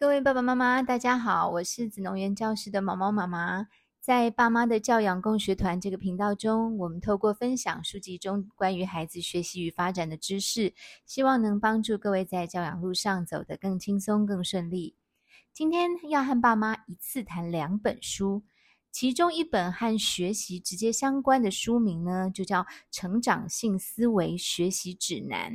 各位爸爸媽媽，大家好，我是子穠園教師的毛毛媽媽。在《爸媽的教養共學團》這個頻道中，我們透過分享書籍中關於孩子學習與發展的知識，希望能幫助各位在教養路上走得更輕鬆、更順利。今天要和爸媽一次談兩本書，其中一本和學習直接相關的書名呢，就叫《成長性思維學習指南》。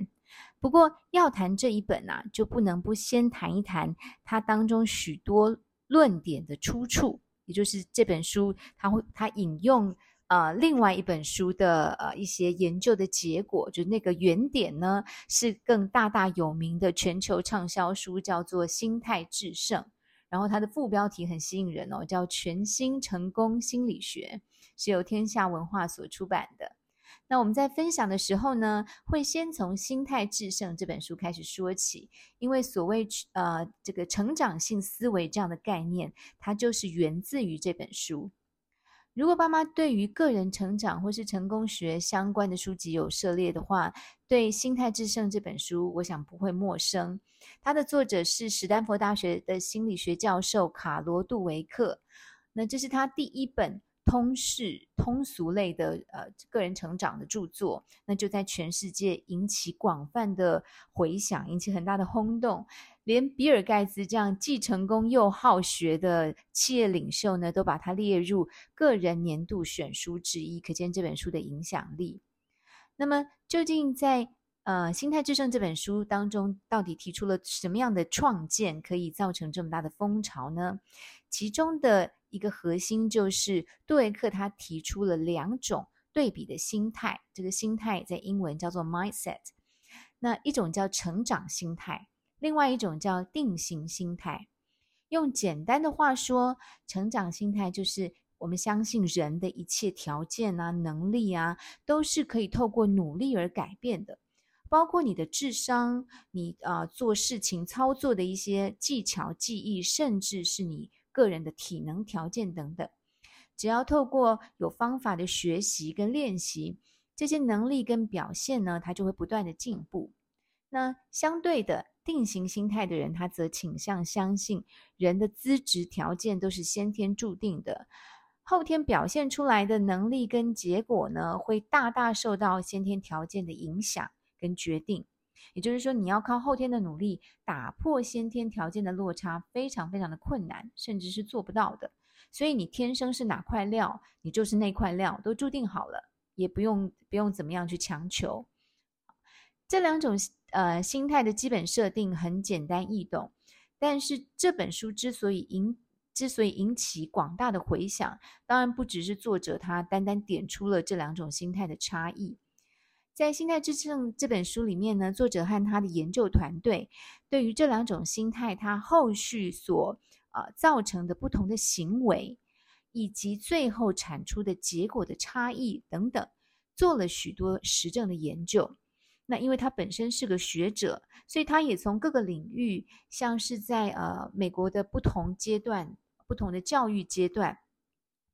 不過要談這一本啊，就不能不先談一談它當中許多論點的出處，也就是這本書，它會它引用呃另外一本書的呃一些研究的結果，就是、那個原點呢是更大大有名的全球暢銷書，叫做《心態致勝》，然後它的副標題很吸引人哦，叫《全新成功心理學》，是由天下文化所出版的。那我們在分享的時候呢，會先從《心態致勝》這本書開始說起，因為所謂呃這個成長性思維這樣的概念，它就是源自於這本書。如果爸媽對於個人成長或是成功學相關的書籍有涉獵的話，對《心態致勝》這本書，我想不會陌生。它的作者是史丹佛大學的心理學教授卡羅杜維克，那這是他第一本。通識通俗類的呃個人成長的著作，那就在全世界引起廣泛的回響，引起很大的轟動，連比爾蓋茨這樣既成功又好學的企業領袖呢，都把它列入個人年度選書之一，可見這本書的影響力。那麼，究竟在呃，《心態致勝》這本書當中到底提出了什麼樣的創建可以造成這麼大的風潮呢？其中的一個核心就是，杜維克他提出了兩種對比的心態，這個心態在英文叫做 “mindset”。那一種叫成長心態，另外一種叫定型心態。用簡單的話說，成長心態就是我們相信人的一切條件啊、能力啊，都是可以透過努力而改變的。包括你的智商，你啊、呃、做事情操作的一些技巧、技藝，甚至是你個人的體能條件等等，只要透過有方法的學習跟練習，這些能力跟表現呢，它就會不斷的進步。那相對的，定型心態的人，他則傾向相信人的資質條件都是先天注定的，後天表現出來的能力跟結果呢，會大大受到先天條件的影響。跟決定，也就是說，你要靠後天的努力打破先天條件的落差，非常非常的困難，甚至是做不到的。所以你天生是哪塊料，你就是那塊料，都注定好了，也不用不用怎麼樣去強求。這兩種呃心態的基本設定很簡單易懂，但是這本書之所以引之所以引起廣大的迴響，當然不只是作者他單單點出了這兩種心態的差異。在《心態致勝》這本書裡面呢，作者和他的研究團隊對於這兩種心態，它後續所呃造成的不同的行為，以及最後產出的結果的差異等等，做了許多實證的研究。那因為他本身是個學者，所以他也從各個領域，像是在呃美國的不同階段、不同的教育階段。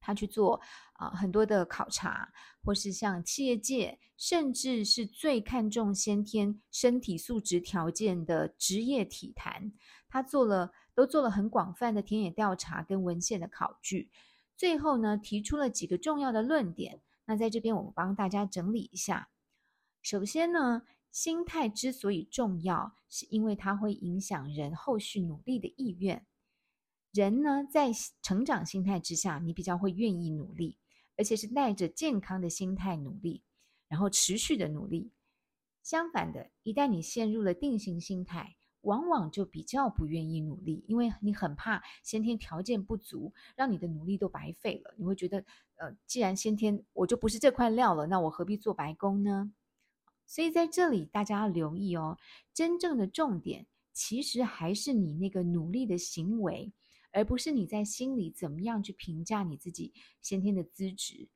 他去做啊、呃、很多的考察，或是像企業界，甚至是最看重先天身體素質條件的職業體壇，他做了都做了很廣泛的田野調查跟文獻的考據，最後呢，提出了幾個重要的論點。那在這邊我們幫大家整理一下。首先呢，心態之所以重要，是因為它會影響人後續努力的意願。人呢，在成長心態之下，你比較會願意努力，而且是帶着健康的心態努力，然後持續的努力。相反的，一旦你陷入了定型心態，往往就比較不願意努力，因為你很怕先天條件不足，讓你的努力都白費了。你會覺得，呃，既然先天我就不是這塊料了，那我何必做白工呢？所以在這裡，大家要留意哦，真正的重點其實還是你那個努力的行為。而不是你在心裡怎麼樣去評價你自己先天的資質，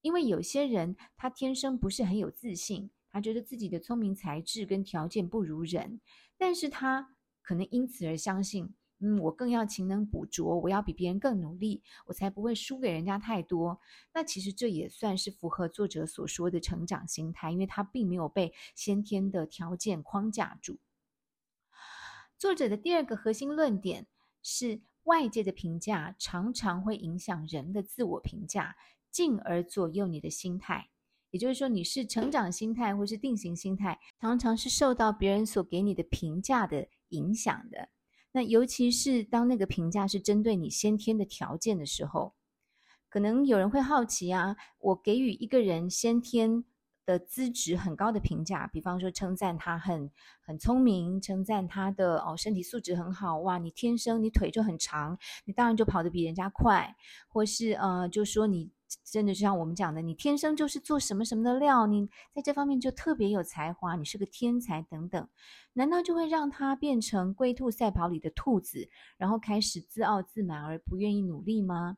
因為有些人他天生不是很有自信，他覺得自己的聰明才智跟條件不如人，但是他可能因此而相信，嗯，我更要勤能補拙，我要比別人更努力，我才不會輸給人家太多。那其實這也算是符合作者所說的成長心態，因為他並沒有被先天的條件框架住。作者的第二個核心論點是，外界的評價常常會影響人的自我評價，進而左右你的心態。也就是說，你是成長心態，或是定型心態，常常是受到別人所給你的評價的影響的。那尤其是當那個評價是針對你先天的條件的時候，可能有人會好奇啊，我給予一個人先天。的資質很高的評價，比方說稱讚他很很聰明，稱讚他的哦身體素質很好，哇，你天生你腿就很長，你當然就跑得比人家快，或是呃，就說你真的就像我們講的，你天生就是做什麼什麼的料，你在這方面就特別有才華，你是個天才等等，難道就會讓他變成龜兔賽跑裡的兔子，然後開始自傲自滿而不願意努力嗎？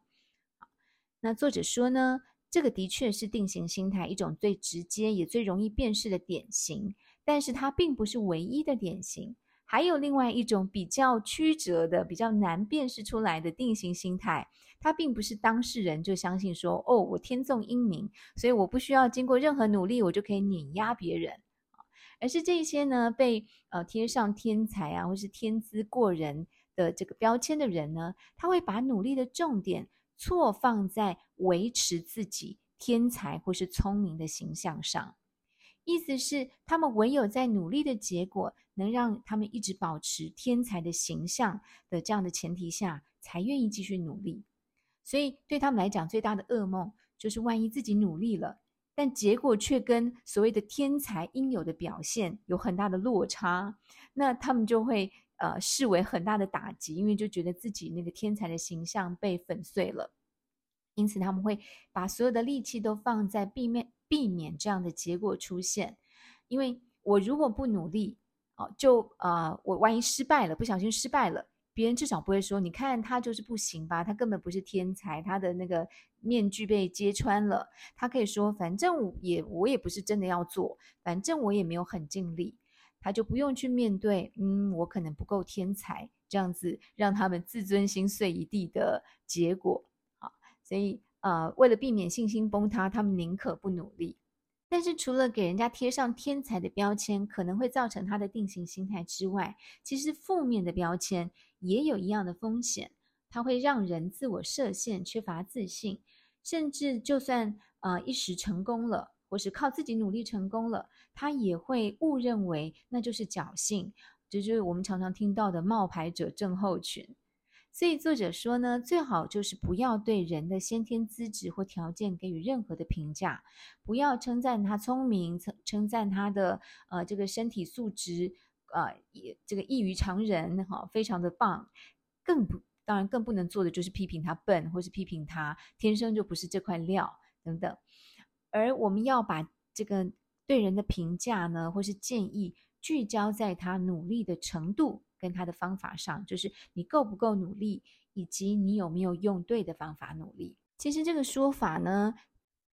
那作者說呢？這個的確是定型心態一種最直接也最容易辨識的典型，但是它並不是唯一的典型，還有另外一種比較曲折的、比較難辨識出來的定型心態。它並不是當事人就相信說：“哦，我天縱英明，所以我不需要經過任何努力，我就可以碾壓別人。”而是這些呢，被呃貼上天才啊，或是天資過人的這個標籤的人呢，他會把努力的重點錯放在。維持自己天才或是聰明的形象上，意思是他們唯有在努力的結果能讓他們一直保持天才的形象的這樣的前提下，才願意繼續努力。所以對他們來講，最大的噩夢就是萬一自己努力了，但結果卻跟所謂的天才應有的表現有很大的落差，那他們就會呃視為很大的打擊，因為就覺得自己那個天才的形象被粉碎了。因此，他們會把所有的力氣都放在避免避免這樣的結果出現。因為我如果不努力，哦，就啊、呃，我萬一失敗了，不小心失敗了，別人至少不會說：“你看他就是不行吧，他根本不是天才。”他的那個面具被揭穿了，他可以說：“反正我也我也不是真的要做，反正我也沒有很盡力。”他就不用去面對，嗯，我可能不夠天才這樣子，讓他們自尊心碎一地的結果。所以，呃，為了避免信心崩塌，他們寧可不努力。但是，除了給人家貼上天才的標籤，可能會造成他的定型心態之外，其實負面的標籤也有一樣的風險，它會讓人自我設限，缺乏自信，甚至就算呃一時成功了，或是靠自己努力成功了，他也會誤認為那就是僥倖，就是我們常常聽到的冒牌者症候群。所以作者說呢，最好就是不要對人的先天資質或條件給予任何的評價，不要稱讚他聰明，稱稱讚他的呃這個身體素質呃，也這個異於常人，哈、哦，非常的棒。更不，當然更不能做的就是批評他笨，或是批評他天生就不是這塊料等等。而我們要把這個對人的評價呢，或是建議聚焦在他努力的程度。跟他的方法上，就是你夠不夠努力，以及你有沒有用對的方法努力。其實這個說法呢，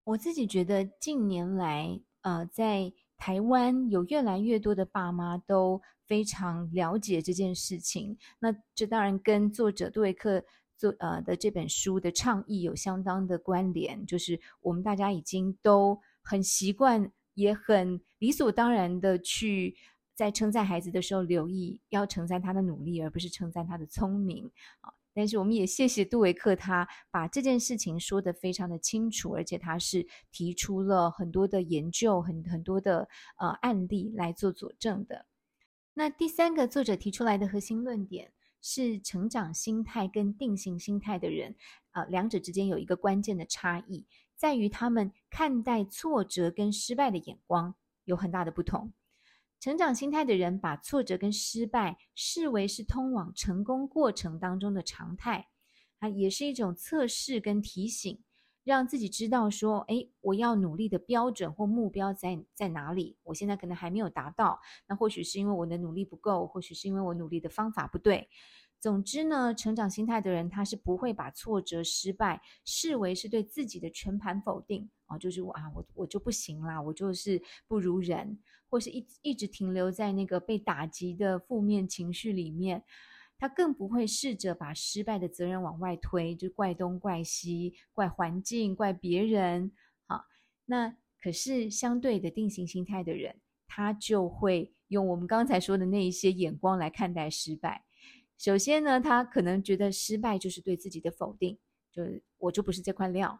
我自己覺得近年來，呃，在台灣有越來越多的爸媽都非常了解這件事情。那這當然跟作者杜維克做呃的這本書的倡議有相當的關聯，就是我們大家已經都很習慣，也很理所當然的去，在稱讚孩子的時候，留意要稱讚他的努力，而不是稱讚他的聰明啊！但是我們也謝謝杜維克，他把這件事情說得非常的清楚，而且他是提出了很多的研究，很很多的呃案例來做佐證的。那第三個作者提出來的核心論點是，成長心態跟定型心態的人啊、呃，兩者之間有一個關鍵的差異，在於他們看待挫折跟失敗的眼光有很大的不同。成長心態的人把挫折跟失敗視為是通往成功過程當中的常態啊，也是一種測試跟提醒，讓自己知道說，哎，我要努力的標準或目標在在哪裡？我現在可能還沒有達到，那或許是因為我的努力不夠，或許是因為我努力的方法不對。總之呢，成長心態的人，他是不會把挫折、失敗視為是對自己的全盤否定啊、哦，就是我啊，我我就不行啦，我就是不如人，或是一一直停留在那個被打擊的負面情緒裡面。他更不會試着把失敗的責任往外推，就怪東怪西、怪環境、怪別人。好、哦，那可是相對的定型心態的人，他就會用我們剛才說的那一些眼光來看待失敗。首先呢，他可能覺得失敗就是對自己的否定，就我就不是這塊料，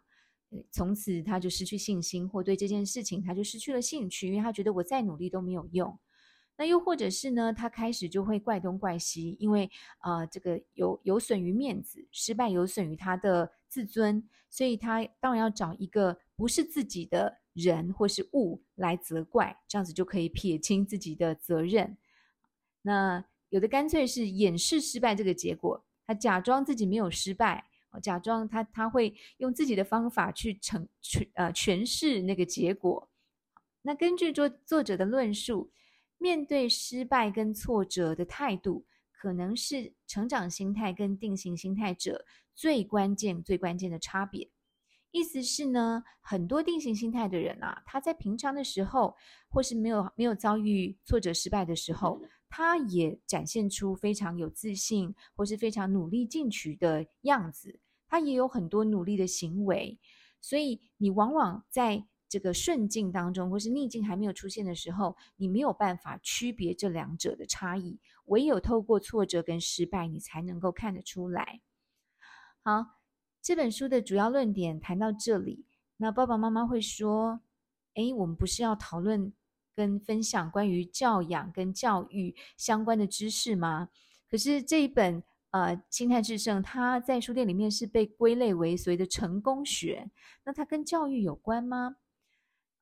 從此他就失去信心，或對這件事情他就失去了興趣，因為他覺得我再努力都沒有用。那又或者是呢，他開始就會怪東怪西，因為啊、呃，這個有有損於面子，失敗有損於他的自尊，所以他當然要找一個不是自己的人或是物來責怪，這樣子就可以撇清自己的責任。那。有的乾脆是掩飾失敗這個結果，他假裝自己沒有失敗，哦，假裝他他會用自己的方法去成去呃詮釋那個結果。那根據作作者的論述，面對失敗跟挫折的態度，可能是成長心態跟定型心態者最關鍵最關鍵的差別。意思是呢，很多定型心態的人啊，他在平常的時候或是沒有沒有遭遇挫折失敗的時候。嗯他也展現出非常有自信，或是非常努力進取的樣子。他也有很多努力的行為，所以你往往在這個順境當中，或是逆境還沒有出現的時候，你沒有辦法區別這兩者的差異。唯有透過挫折跟失敗，你才能夠看得出來。好，這本書的主要論點談到這裡，那爸爸媽媽會說：“誒，我們不是要討論？”跟分享關於教養跟教育相關的知識嗎？可是這一本呃《心態致勝》，它在書店裡面是被歸類為所謂的成功學，那它跟教育有關嗎？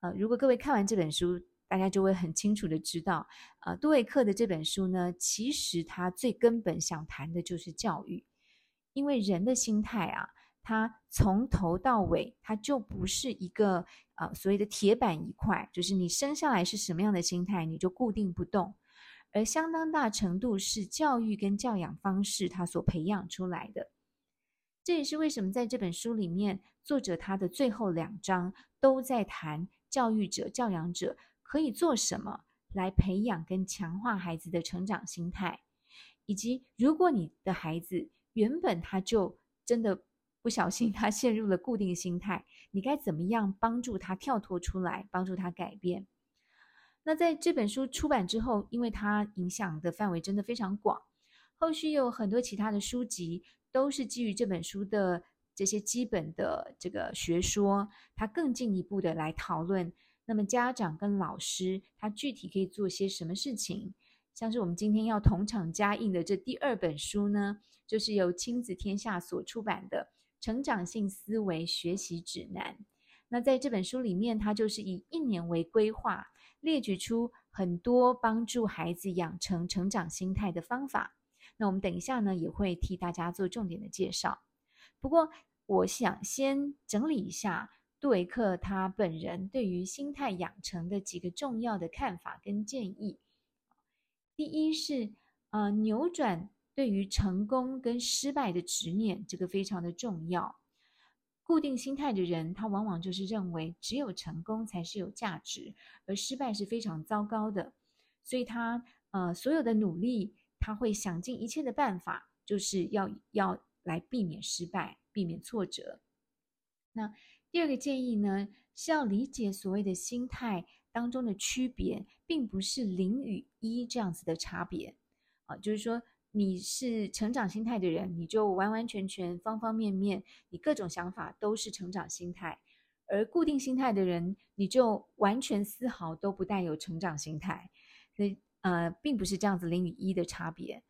呃，如果各位看完這本書，大家就會很清楚的知道，呃，多維克的這本書呢，其實他最根本想談的就是教育，因為人的心態啊。它從頭到尾，它就不是一個呃，所謂的鐵板一塊，就是你生下來是什麼樣的心態，你就固定不動，而相當大程度是教育跟教養方式它所培養出來的。這也是為什麼在這本書裡面，作者他的最後兩章都在談教育者、教養者可以做什麼來培養跟強化孩子的成長心態，以及如果你的孩子原本他就真的。不小心，他陷入了固定心態。你該怎麼樣幫助他跳脫出來，幫助他改變？那在這本書出版之後，因為它影響的範圍真的非常廣，後續有很多其他的書籍都是基於這本書的這些基本的這個學說，他更進一步的來討論。那麼家長跟老師，他具體可以做些什麼事情？像是我們今天要同場加印的這第二本書呢，就是由親子天下所出版的。成長性思維學習指南。那在這本書裡面，它就是以一年為規劃，列舉出很多幫助孩子養成成長心態的方法。那我們等一下呢，也會替大家做重點的介紹。不過，我想先整理一下杜維克他本人對於心態養成的幾個重要的看法跟建議。第一是呃扭轉。對於成功跟失敗的執念，這個非常的重要。固定心態的人，他往往就是認為只有成功才是有價值，而失敗是非常糟糕的。所以他，他呃所有的努力，他會想盡一切的辦法，就是要要來避免失敗，避免挫折。那第二個建議呢，是要理解所謂的心態當中的區別，並不是零與一這樣子的差別啊、呃，就是說。你是成長心態的人，你就完完全全、方方面面，你各種想法都是成長心態；而固定心態的人，你就完全絲毫都不帶有成長心態。所以，呃，並不是這樣子零與一的差別。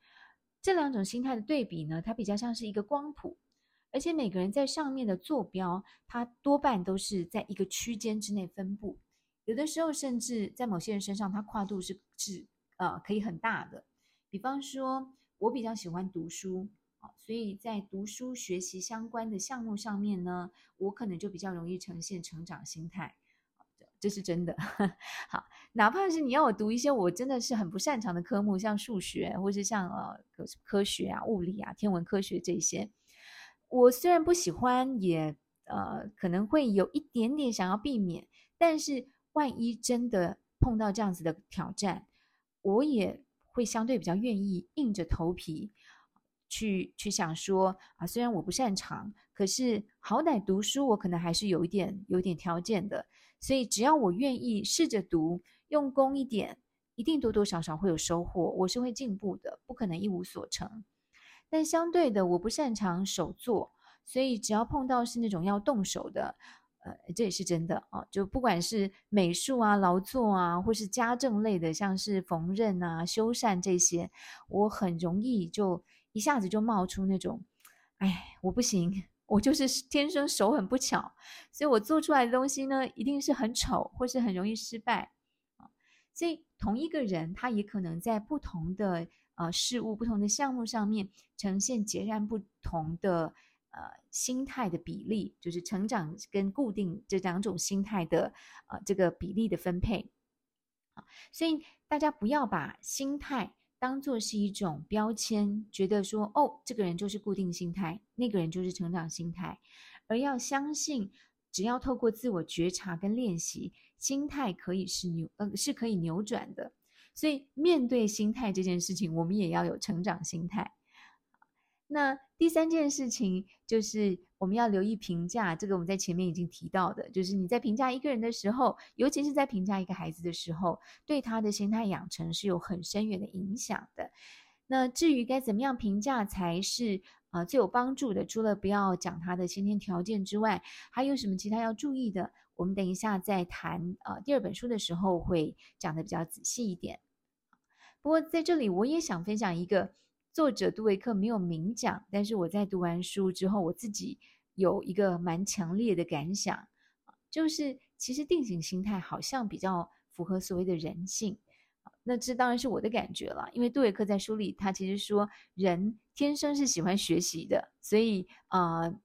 這兩種心態的對比呢，它比較像是一個光譜，而且每個人在上面的坐標，它多半都是在一個區間之內分布。有的時候，甚至在某些人身上，它跨度是是呃可以很大的，比方說。我比較喜歡讀書啊，所以在讀書學習相關的項目上面呢，我可能就比較容易呈現成長心態，這是真的。好，哪怕是你要我讀一些我真的是很不擅長的科目，像數學或是像呃科學啊、物理啊、天文科學這些，我雖然不喜歡，也呃可能會有一點點想要避免，但是萬一真的碰到這樣子的挑戰，我也。會相對比較願意硬着頭皮去，去去想說啊，雖然我不擅長，可是好歹讀書我可能還是有一點、有點條件的，所以只要我願意試着讀，用功一點，一定多多少少會有收穫，我是會進步的，不可能一無所成。但相對的，我不擅長手作，所以只要碰到是那種要動手的。呃，這也是真的啊、哦。就不管是美術啊、勞作啊，或是家政類的，像是縫紉啊、修繕這些，我很容易就一下子就冒出那種，哎，我不行，我就是天生手很不巧，所以我做出來的東西呢，一定是很醜，或是很容易失敗啊、哦。所以同一個人，他也可能在不同的呃事物、不同的項目上面呈現截然不同的。呃，心態的比例就是成長跟固定這兩種心態的呃，這個比例的分配。所以大家不要把心態當做是一種標籤，覺得說哦，這個人就是固定心態，那個人就是成長心態，而要相信，只要透過自我覺察跟練習，心態可以是扭呃是可以扭轉的。所以面對心態這件事情，我們也要有成長心態。那。第三件事情就是我們要留意評價，這個我們在前面已經提到的，就是你在評價一個人的時候，尤其是在評價一個孩子的時候，對他的心態養成是有很深遠的影響的。那至於該怎麼樣評價才是啊、呃、最有幫助的，除了不要講他的先天條件之外，還有什麼其他要注意的？我們等一下再談啊、呃、第二本書的時候會講的比較仔細一點。不過在這裡，我也想分享一個，作者杜維克沒有明講，但是我在讀完書之後，我自己有一個蠻強烈的感想，就是其實定型心態好像比較符合所謂的人性。那這當然是我的感覺了，因為杜維克在書裡他其實說，人天生是喜歡學習的，所以啊，呃，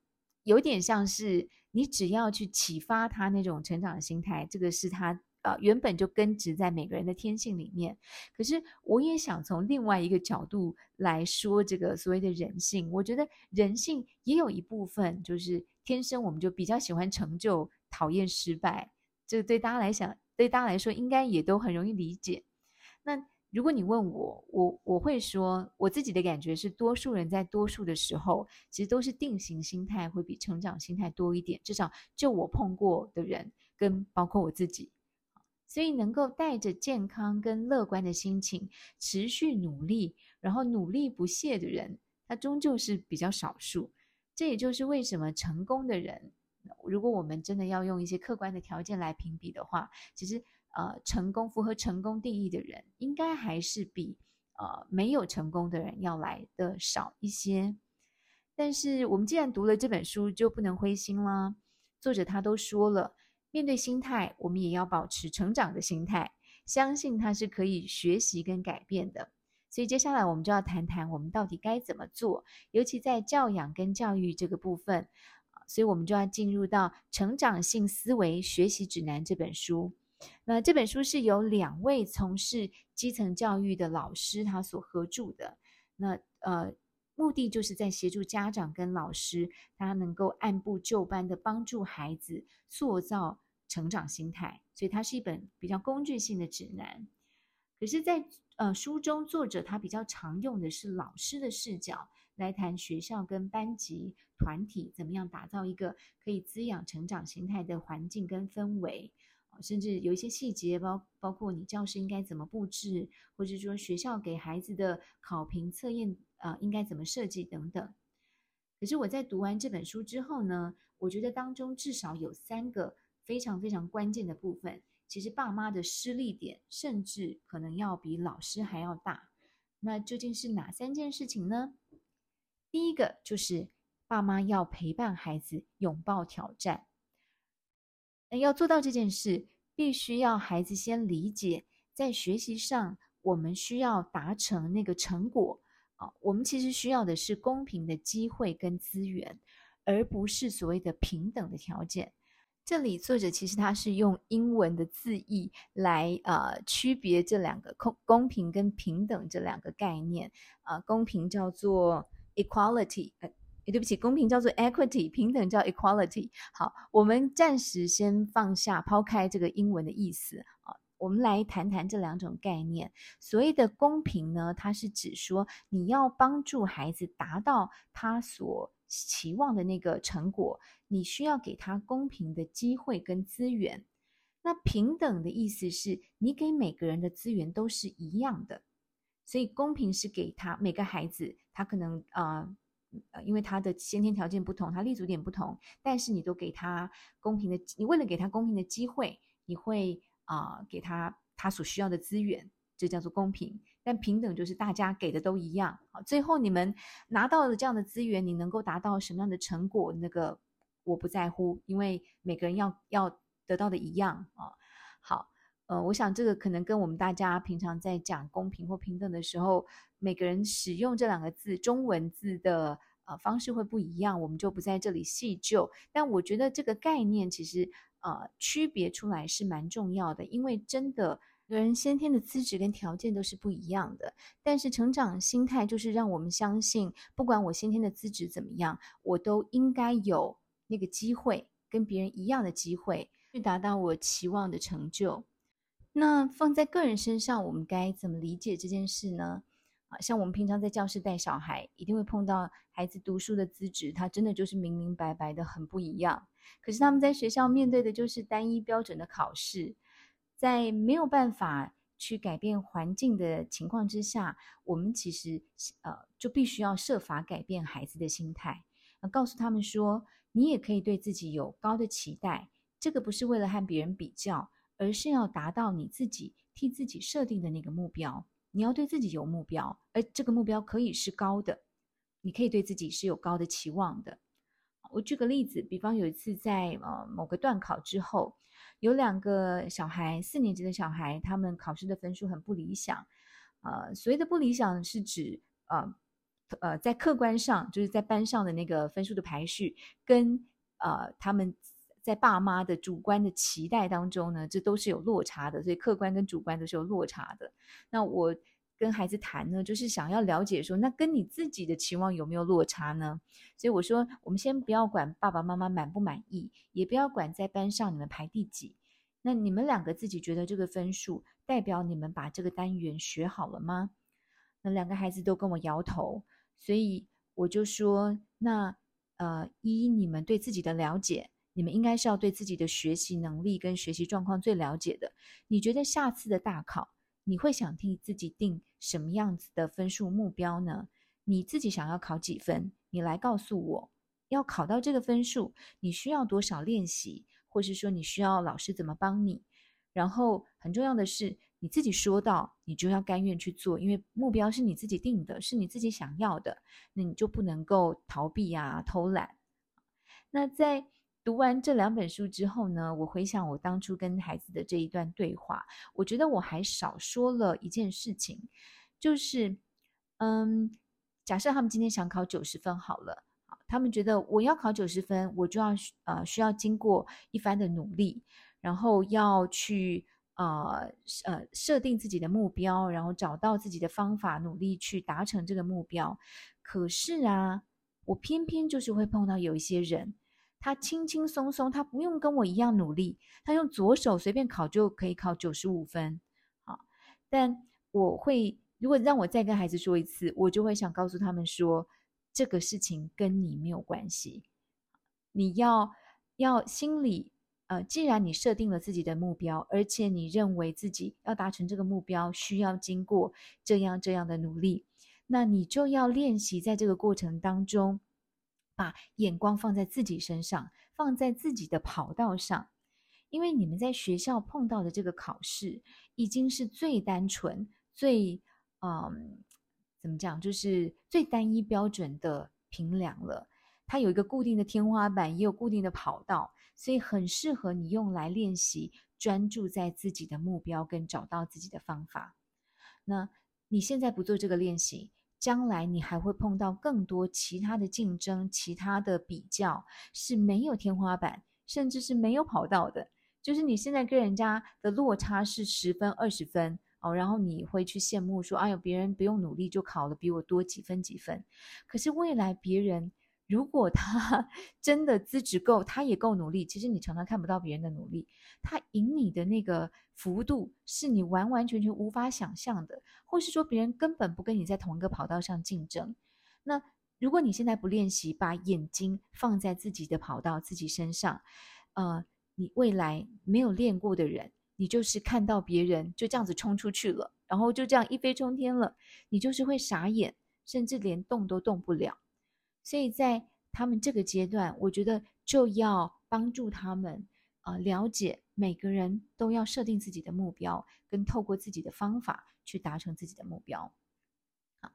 有點像是你只要去啟發他那種成長的心態，這個是他。啊，原本就根植在每個人的天性裡面。可是，我也想從另外一個角度來說，這個所謂的人性。我覺得人性也有一部分就是天生我們就比較喜歡成就，討厭失敗。這對大家來想，對大家來說，應該也都很容易理解。那如果你問我，我我會說，我自己的感覺是，多數人在多數的時候，其實都是定型心態會比成長心態多一點。至少就我碰過的人，跟包括我自己。所以，能夠帶着健康跟樂觀的心情持續努力，然後努力不懈的人，他終究是比較少數。這也就是為什麼成功的人，如果我們真的要用一些客觀的條件來評比的話，其實呃，成功符合成功定義的人，應該還是比呃沒有成功的人要來得少一些。但是，我們既然讀了這本書，就不能灰心啦。作者他都說了。面對心態，我們也要保持成長的心態，相信它是可以學習跟改變的。所以接下來我們就要談談我們到底該怎麼做，尤其在教養跟教育這個部分。所以我們就要進入到《成長性思維學習指南》這本書。那這本書是由兩位從事基層教育的老師他所合著的。那呃。目的就是在協助家長跟老師，他能夠按部就班的幫助孩子塑造成長心態，所以它是一本比較工具性的指南。可是在，在呃書中，作者他比較常用的是老師的視角來談學校跟班級團體怎麼樣打造一個可以滋養成長心態的環境跟氛圍。甚至有一些細節，包包括你教室應該怎麼佈置，或者說學校給孩子的考評測驗啊、呃、應該怎麼設計等等。可是我在讀完這本書之後呢，我覺得當中至少有三個非常非常關鍵的部分，其實爸媽的施力點甚至可能要比老師還要大。那究竟是哪三件事情呢？第一個就是爸媽要陪伴孩子擁抱挑戰。要做到這件事，必須要孩子先理解，在學習上，我們需要達成那個成果啊。我們其實需要的是公平的機會跟資源，而不是所謂的平等的條件。這裡作者其實他是用英文的字義來呃區別這兩個“公公平”跟“平等”這兩個概念啊。公平叫做 equality。對不起，公平叫做 equity，平等叫 equality。好，我們暫時先放下，拋開這個英文的意思啊，我們來談談這兩種概念。所謂的公平呢，它是指說你要幫助孩子達到他所期望的那個成果，你需要給他公平的機會跟資源。那平等的意思是你給每個人的資源都是一樣的，所以公平是給他每個孩子，他可能啊。呃呃，因為他的先天條件不同，他立足點不同，但是你都給他公平的，你為了給他公平的機會，你會啊、呃、給他他所需要的資源，這叫做公平。但平等就是大家給的都一樣啊。最後你們拿到了這樣的資源，你能夠達到什麼樣的成果，那個我不在乎，因為每個人要要得到的一樣啊、哦。好。呃，我想這個可能跟我們大家平常在講公平或平等的時候，每個人使用這兩個字中文字的呃方式會不一樣，我們就不在這裡細究。但我覺得這個概念其實呃區別出來是蠻重要的，因為真的人先天的資質跟條件都是不一樣的。但是成長心態就是讓我們相信，不管我先天的資質怎麼樣，我都應該有那個機會，跟別人一樣的機會，去達到我期望的成就。那放在個人身上，我們該怎麼理解這件事呢？啊，像我們平常在教室帶小孩，一定會碰到孩子讀書的資質，他真的就是明明白白的很不一樣。可是他們在學校面對的就是單一標準的考試，在沒有辦法去改變環境的情況之下，我們其實呃就必須要設法改變孩子的心態，告訴他們說，你也可以對自己有高的期待，這個不是為了和別人比較。而是要達到你自己替自己設定的那個目標。你要對自己有目標，而這個目標可以是高的，你可以對自己是有高的期望的。我舉個例子，比方有一次在呃某個段考之後，有兩個小孩，四年級的小孩，他們考試的分數很不理想。呃，所謂的不理想是指呃呃在客觀上就是在班上的那個分數的排序跟呃他們，在爸媽的主觀的期待當中呢，這都是有落差的，所以客觀跟主觀都是有落差的。那我跟孩子談呢，就是想要了解說，那跟你自己的期望有沒有落差呢？所以我說，我們先不要管爸爸媽媽滿不滿意，也不要管在班上你們排第幾。那你們兩個自己覺得這個分數代表你們把這個單元學好了嗎？那兩個孩子都跟我搖頭，所以我就說，那呃，依你們對自己的了解，你們應該是要對自己的學習能力跟學習狀況最了解的。你覺得下次的大考，你會想替自己定什麼樣子的分數目標呢？你自己想要考幾分？你來告訴我，要考到這個分數，你需要多少練習，或是說你需要老師怎麼幫你？然後很重要的是，你自己說到，你就要甘願去做，因為目標是你自己定的，是你自己想要的，那你就不能夠逃避呀、啊、偷懶。那在讀完這兩本書之後呢，我回想我當初跟孩子的這一段對話，我覺得我還少說了一件事情，就是，嗯，假設他們今天想考九十分好了，他們覺得我要考九十分，我就要呃需要經過一番的努力，然後要去啊呃，呃設定自己的目標，然後找到自己的方法，努力去達成這個目標。可是啊，我偏偏就是會碰到有一些人。他輕輕鬆鬆，他不用跟我一樣努力，他用左手隨便考就可以考九十五分。好，但我會，如果讓我再跟孩子說一次，我就會想告訴他們說，這個事情跟你沒有關係。你要，要心裡，呃，既然你設定了自己的目標，而且你認為自己要達成這個目標需要經過這樣這樣的努力，那你就要練習在這個過程當中。把眼光放在自己身上，放在自己的跑道上，因為你們在學校碰到的這個考試，已經是最單純、最嗯，怎麼講，就是最單一標準的評量了。它有一個固定的天花板，也有固定的跑道，所以很適合你用來練習，專注在自己的目標跟找到自己的方法。那你現在不做這個練習，將來你還會碰到更多其他的競爭、其他的比較，是沒有天花板，甚至是沒有跑道的。就是你現在跟人家的落差是十分、二十分哦，然後你會去羨慕說：“哎呦，別人不用努力就考了比我多幾分幾分。”可是未來別人。如果他真的資質夠，他也夠努力。其實你常常看不到別人的努力，他贏你的那個幅度是你完完全全無法想象的，或是說別人根本不跟你在同一個跑道上競爭。那如果你現在不練習，把眼睛放在自己的跑道、自己身上，呃，你未來沒有練過的人，你就是看到別人就這樣子衝出去了，然後就這樣一飛衝天了，你就是會傻眼，甚至連動都動不了。所以在他們這個階段，我覺得就要幫助他們啊、呃，了解每個人都要設定自己的目標，跟透過自己的方法去達成自己的目標。好，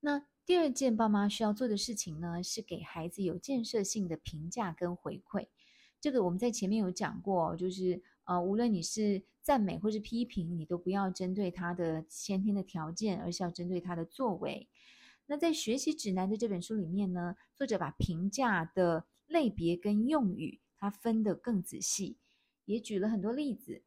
那第二件爸媽需要做的事情呢，是給孩子有建設性的評價跟回饋。這個我們在前面有講過，就是呃，無論你是讚美或是批評，你都不要針對他的先天的條件，而是要針對他的作為。那在學習指南的這本書裡面呢，作者把評價的類別跟用語，他分得更仔細，也舉了很多例子。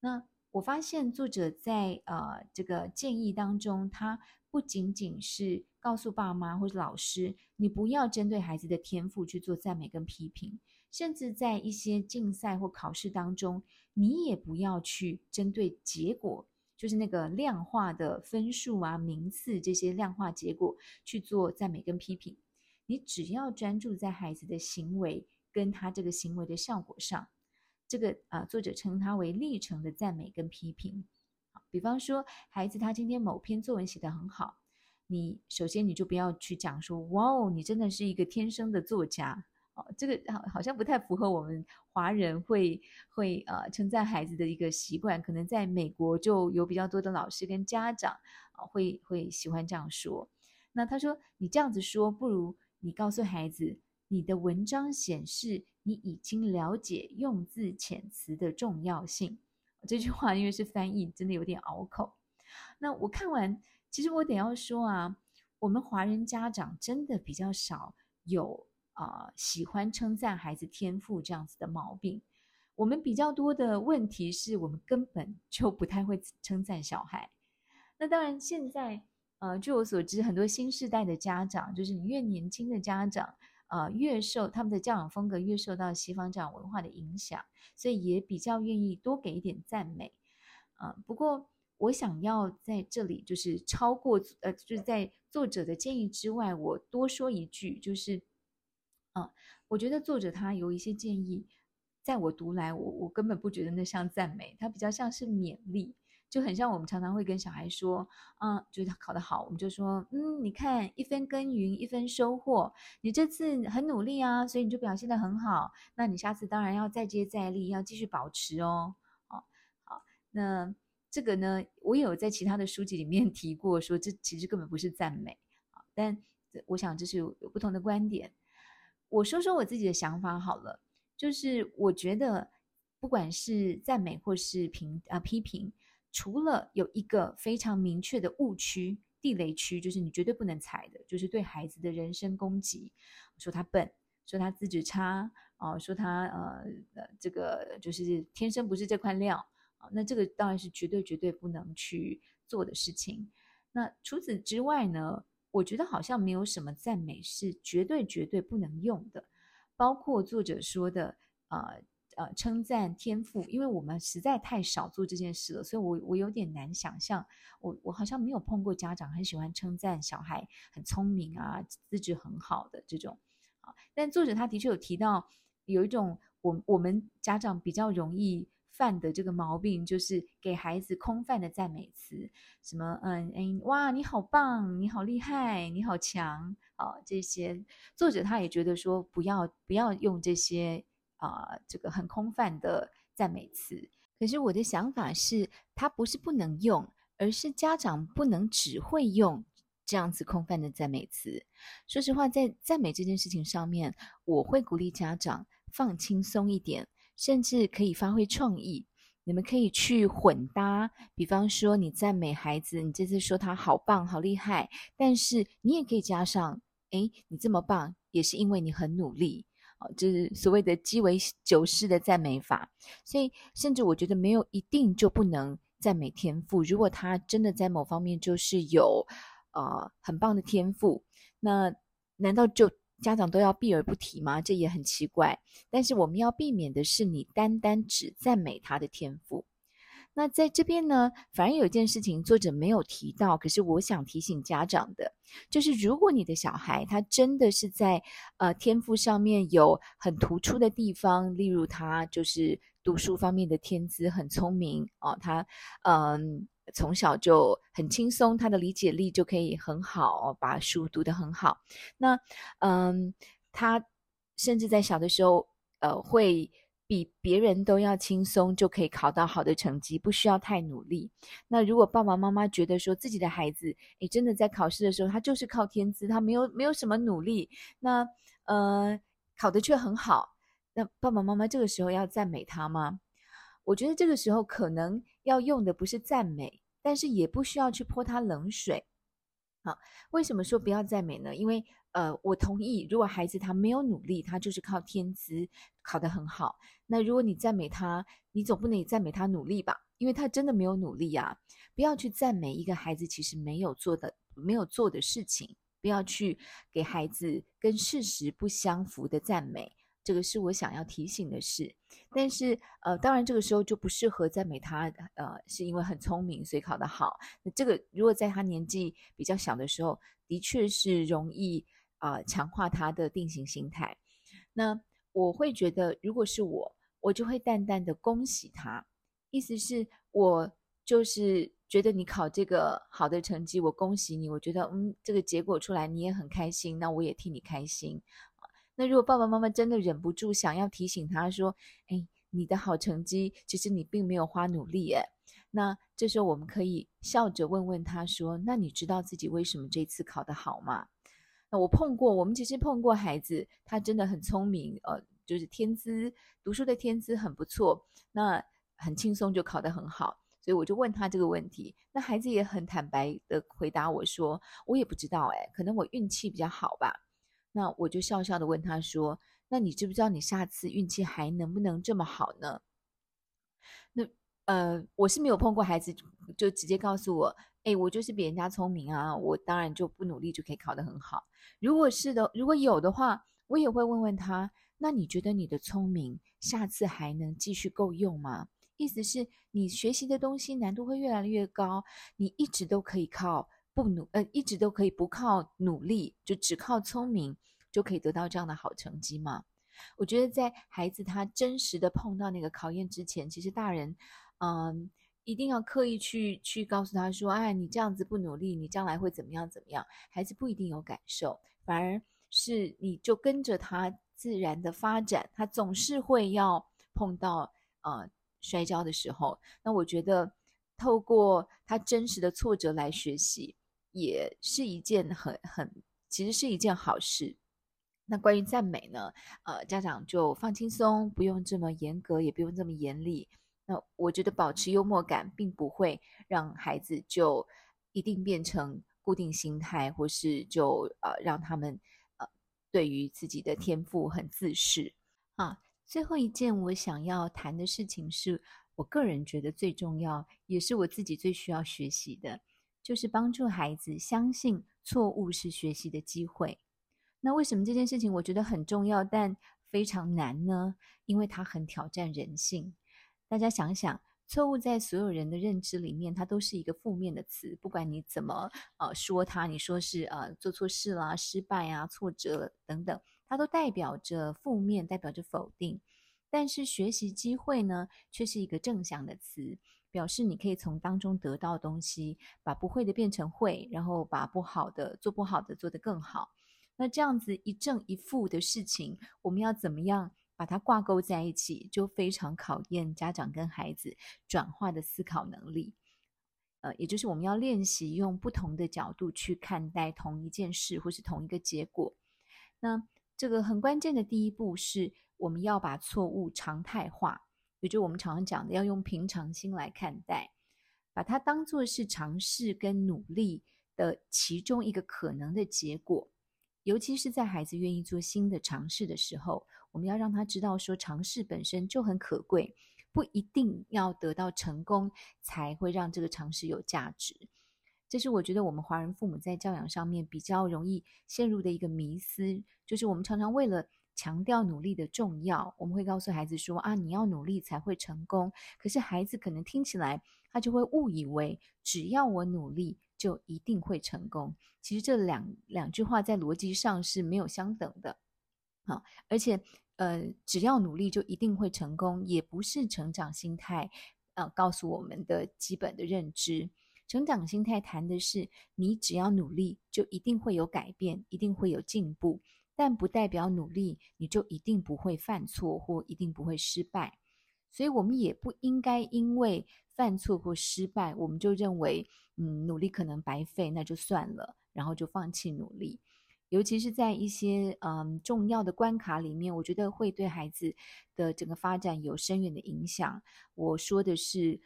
那我發現作者在呃這個建議當中，他不僅僅是告訴爸媽或者老師，你不要針對孩子的天賦去做讚美跟批評，甚至在一些競賽或考試當中，你也不要去針對結果。就是那個量化的分數啊、名次這些量化結果去做讚美跟批評，你只要專注在孩子的行為跟他這個行為的效果上，這個啊、呃，作者稱它為歷程的讚美跟批評。比方說孩子他今天某篇作文寫得很好，你首先你就不要去講說哇，哦，你真的是一個天生的作家。哦，這個好好像不太符合我們華人會會呃稱讚孩子的一個習慣，可能在美國就有比較多的老師跟家長啊、呃、會會喜歡這樣說。那他說你這樣子說，不如你告訴孩子，你的文章顯示你已經了解用字遣詞的重要性。這句話因為是翻譯，真的有點拗口。那我看完，其實我得要說啊，我們華人家長真的比較少有，啊、呃，喜歡稱讚孩子天賦這樣子的毛病，我們比較多的問題是我們根本就不太會稱讚小孩。那當然，現在呃，據我所知，很多新世代的家長，就是越年輕的家長，啊、呃，越受他們的教養風格越受到西方教養文化的影響，所以也比較願意多給一點讚美。啊、呃，不過我想要在這裡就是超過呃，就是在作者的建議之外，我多說一句，就是。嗯，我覺得作者他有一些建議，在我讀來，我我根本不覺得那像讚美，他比較像是勉勵，就很像我們常常會跟小孩說，嗯，就是他考得好，我們就說，嗯，你看一分耕耘一分收穫，你這次很努力啊，所以你就表現得很好，那你下次當然要再接再厲，要繼續保持哦，哦、嗯，好、嗯，那這個呢，我也有在其他的書籍裡面提過說，說這其實根本不是讚美啊、嗯，但我想這是有，有不同的觀點。我說說我自己的想法好了，就是我覺得不管是讚美或是評啊、呃、批評，除了有一個非常明確的誤區地雷區，就是你絕對不能踩的，就是對孩子的人身攻擊，說他笨，說他資質差哦、呃，說他呃這個就是天生不是這塊料、呃、那這個當然是絕對絕對不能去做的事情。那除此之外呢？我覺得好像沒有什麼讚美是絕對絕對不能用的，包括作者說的，呃呃，稱讚天賦，因為我們實在太少做這件事了，所以我我有點難想象，我我好像沒有碰過家長很喜歡稱讚小孩很聰明啊，資質很好的這種，啊，但作者他的確有提到有一種，我我們家長比較容易。犯的這個毛病就是給孩子空泛的讚美詞，什麼嗯哎哇，你好棒，你好厲害，你好強啊、哦！這些作者他也覺得說不要不要用這些啊、呃、這個很空泛的讚美詞。可是我的想法是，他不是不能用，而是家長不能只會用這樣子空泛的讚美詞。說實話，在讚美這件事情上面，我會鼓勵家長放輕鬆一點。甚至可以發揮創意，你們可以去混搭。比方說，你讚美孩子，你這次說他好棒、好厲害，但是你也可以加上：誒，你這麼棒，也是因為你很努力。哦，就是所謂的雞尾酒式的讚美法。所以，甚至我覺得沒有一定就不能讚美天賦。如果他真的在某方面就是有呃很棒的天賦，那難道就？家長都要避而不提嗎？這也很奇怪。但是我們要避免的是，你單單只讚美他的天賦。那在這邊呢，反而有一件事情作者沒有提到，可是我想提醒家長的，就是如果你的小孩他真的是在呃天賦上面有很突出的地方，例如他就是讀書方面的天資很聰明哦，他嗯。從小就很輕鬆，他的理解力就可以很好哦，把書讀得很好。那，嗯，他甚至在小的時候，呃，會比別人都要輕鬆，就可以考到好的成績，不需要太努力。那如果爸爸媽媽覺得說自己的孩子，誒，真的在考試的時候他就是靠天資，他沒有沒有什麼努力，那呃考得卻很好，那爸爸媽媽這個時候要讚美他嗎？我覺得這個時候可能。要用的不是讚美，但是也不需要去潑他冷水。好，啊，為什麼說不要讚美呢？因為呃，我同意，如果孩子他沒有努力，他就是靠天資考得很好。那如果你讚美他，你總不能也讚美他努力吧？因為他真的沒有努力啊！不要去讚美一個孩子其實沒有做的沒有做的事情，不要去給孩子跟事實不相符的讚美。這個是我想要提醒的事，但是呃，當然這個時候就不適合讚美他，呃，是因為很聰明所以考得好。那這個如果在他年紀比較小的時候，的確是容易啊、呃、強化他的定型心態。那我會覺得，如果是我，我就會淡淡的恭喜他，意思是，我就是覺得你考這個好的成績，我恭喜你。我覺得嗯，這個結果出來你也很開心，那我也替你開心。那如果爸爸媽媽真的忍不住想要提醒他說：“哎，你的好成績其實你並沒有花努力。”哎，那這時候我們可以笑着問問他說：“那你知道自己為什麼這次考得好嗎？”那我碰過，我們其實碰過孩子，他真的很聰明，呃，就是天資，讀書的天資很不錯，那很輕鬆就考得很好。所以我就問他這個問題，那孩子也很坦白的回答我說：“我也不知道，哎，可能我運氣比較好吧。”那我就笑笑的問他說：“那你知不知道你下次運氣還能不能這麼好呢？”那呃，我是沒有碰過孩子就直接告訴我：“哎，我就是比人家聰明啊，我當然就不努力就可以考得很好。”如果是的，如果有的話，我也會問問他：“那你覺得你的聰明下次還能繼續夠用嗎？”意思是你學習的東西難度會越來越高，你一直都可以靠。不努，呃，一直都可以不靠努力，就只靠聰明就可以得到這樣的好成績嗎？我覺得在孩子他真實的碰到那個考驗之前，其實大人，嗯、呃，一定要刻意去去告訴他說，哎，你這樣子不努力，你將來會怎麼樣怎麼樣，孩子不一定有感受，反而是你就跟着他自然的發展，他總是會要碰到呃摔跤的時候。那我覺得透過他真實的挫折來學習。也是一件很很，其實是一件好事。那關於讚美呢？呃，家長就放輕鬆，不用這麼嚴格，也不用這麼嚴厲。那我覺得保持幽默感，並不會讓孩子就一定變成固定心態，或是就呃讓他們呃對於自己的天賦很自恃。啊，最後一件我想要談的事情，是我個人覺得最重要，也是我自己最需要學習的。就是幫助孩子相信錯誤是學習的機會。那為什麼這件事情我覺得很重要，但非常難呢？因為它很挑戰人性。大家想想，錯誤在所有人的認知裡面，它都是一個負面的詞。不管你怎麼呃說它，你說是呃做錯事啦、失敗啊、挫折等等，它都代表着負面，代表着否定。但是學習機會呢，卻是一個正向的詞。表示你可以從當中得到東西，把不會的變成會，然後把不好的做不好的做得更好。那這樣子一正一負的事情，我們要怎麼樣把它掛鈎在一起？就非常考驗家長跟孩子轉化的思考能力。呃，也就是我們要練習用不同的角度去看待同一件事或是同一個結果。那這個很關鍵的第一步是，是我們要把錯誤常態化。也就是我們常常講的，要用平常心來看待，把它當做是嘗試跟努力的其中一個可能的結果。尤其是在孩子願意做新的嘗試的時候，我們要讓他知道說嘗試本身就很可貴，不一定要得到成功才會讓這個嘗試有價值。這是我覺得我們華人父母在教養上面比較容易陷入的一個迷思，就是我們常常為了強調努力的重要，我們會告訴孩子說：“啊，你要努力才會成功。”可是孩子可能聽起來，他就會誤以為只要我努力就一定會成功。其實這兩兩句話在邏輯上是沒有相等的。啊，而且呃，只要努力就一定會成功，也不是成長心態呃、啊、告訴我們的基本的認知。成長心態談的是你只要努力就一定會有改變，一定會有進步。但不代表努力你就一定不會犯錯或一定不會失敗，所以我們也不應該因為犯錯或失敗，我們就認為嗯努力可能白費，那就算了，然後就放棄努力。尤其是在一些嗯重要的關卡裡面，我覺得會對孩子的整個發展有深遠的影響。我說的是。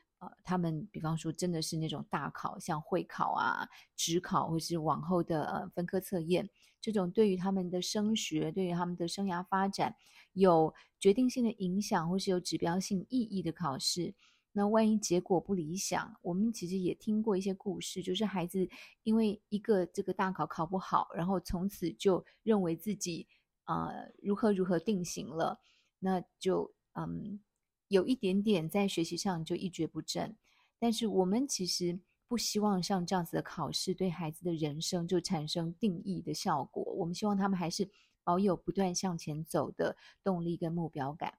他們比方說真的是那種大考，像會考啊、指考或是往後的呃分科測驗，這種對於他們的升學、對於他們的生涯發展有決定性的影響，或是有指標性意義的考試。那萬一結果不理想，我們其實也聽過一些故事，就是孩子因為一個這個大考考不好，然後從此就認為自己啊、呃、如何如何定型了，那就嗯。有一點點在學習上就一蹶不振，但是我們其實不希望像這樣子的考試對孩子的人生就產生定義的效果。我們希望他們還是保有不斷向前走的動力跟目標感。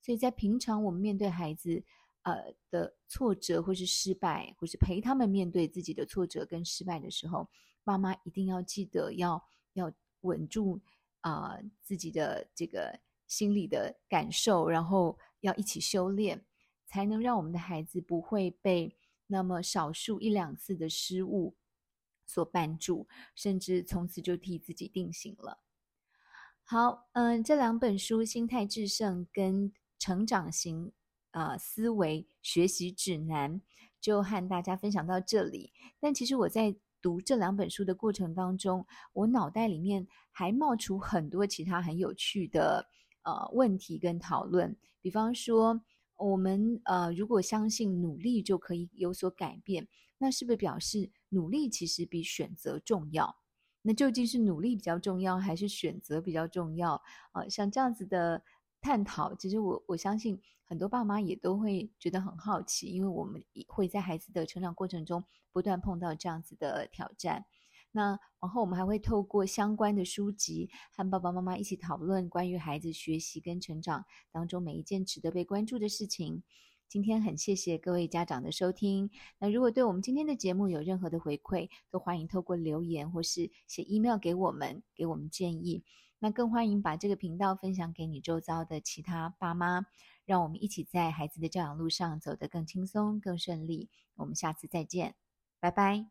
所以在平常我們面對孩子呃的挫折或是失敗，或是陪他們面對自己的挫折跟失敗的時候，媽媽一定要記得要要穩住啊，呃，自己的這個心理的感受，然後。要一起修煉，才能讓我們的孩子不會被那麼少數一兩次的失誤所絆住，甚至從此就替自己定型了。好，嗯，這兩本書《心態致勝》跟《成長型啊、呃、思維學習指南》就和大家分享到這裡。但其實我在讀這兩本書的過程當中，我腦袋裡面還冒出很多其他很有趣的。呃，問題跟討論，比方說，我們呃，如果相信努力就可以有所改變，那是不是表示努力其實比選擇重要？那究竟是努力比較重要，還是選擇比較重要？呃，像這樣子的探討，其實我我相信很多爸媽也都會覺得很好奇，因為我們會在孩子的成長過程中不斷碰到這樣子的挑戰。那往後我們還會透過相關的書籍，和爸爸媽媽一起討論關於孩子學習跟成長當中每一件值得被關注的事情。今天很謝謝各位家長的收聽。那如果對我們今天的節目有任何的回饋，都歡迎透過留言或是寫 email 給我們，給我們建議。那更歡迎把這個頻道分享給你周遭的其他爸媽，讓我們一起在孩子的教養路上走得更輕鬆、更順利。我們下次再見，拜拜。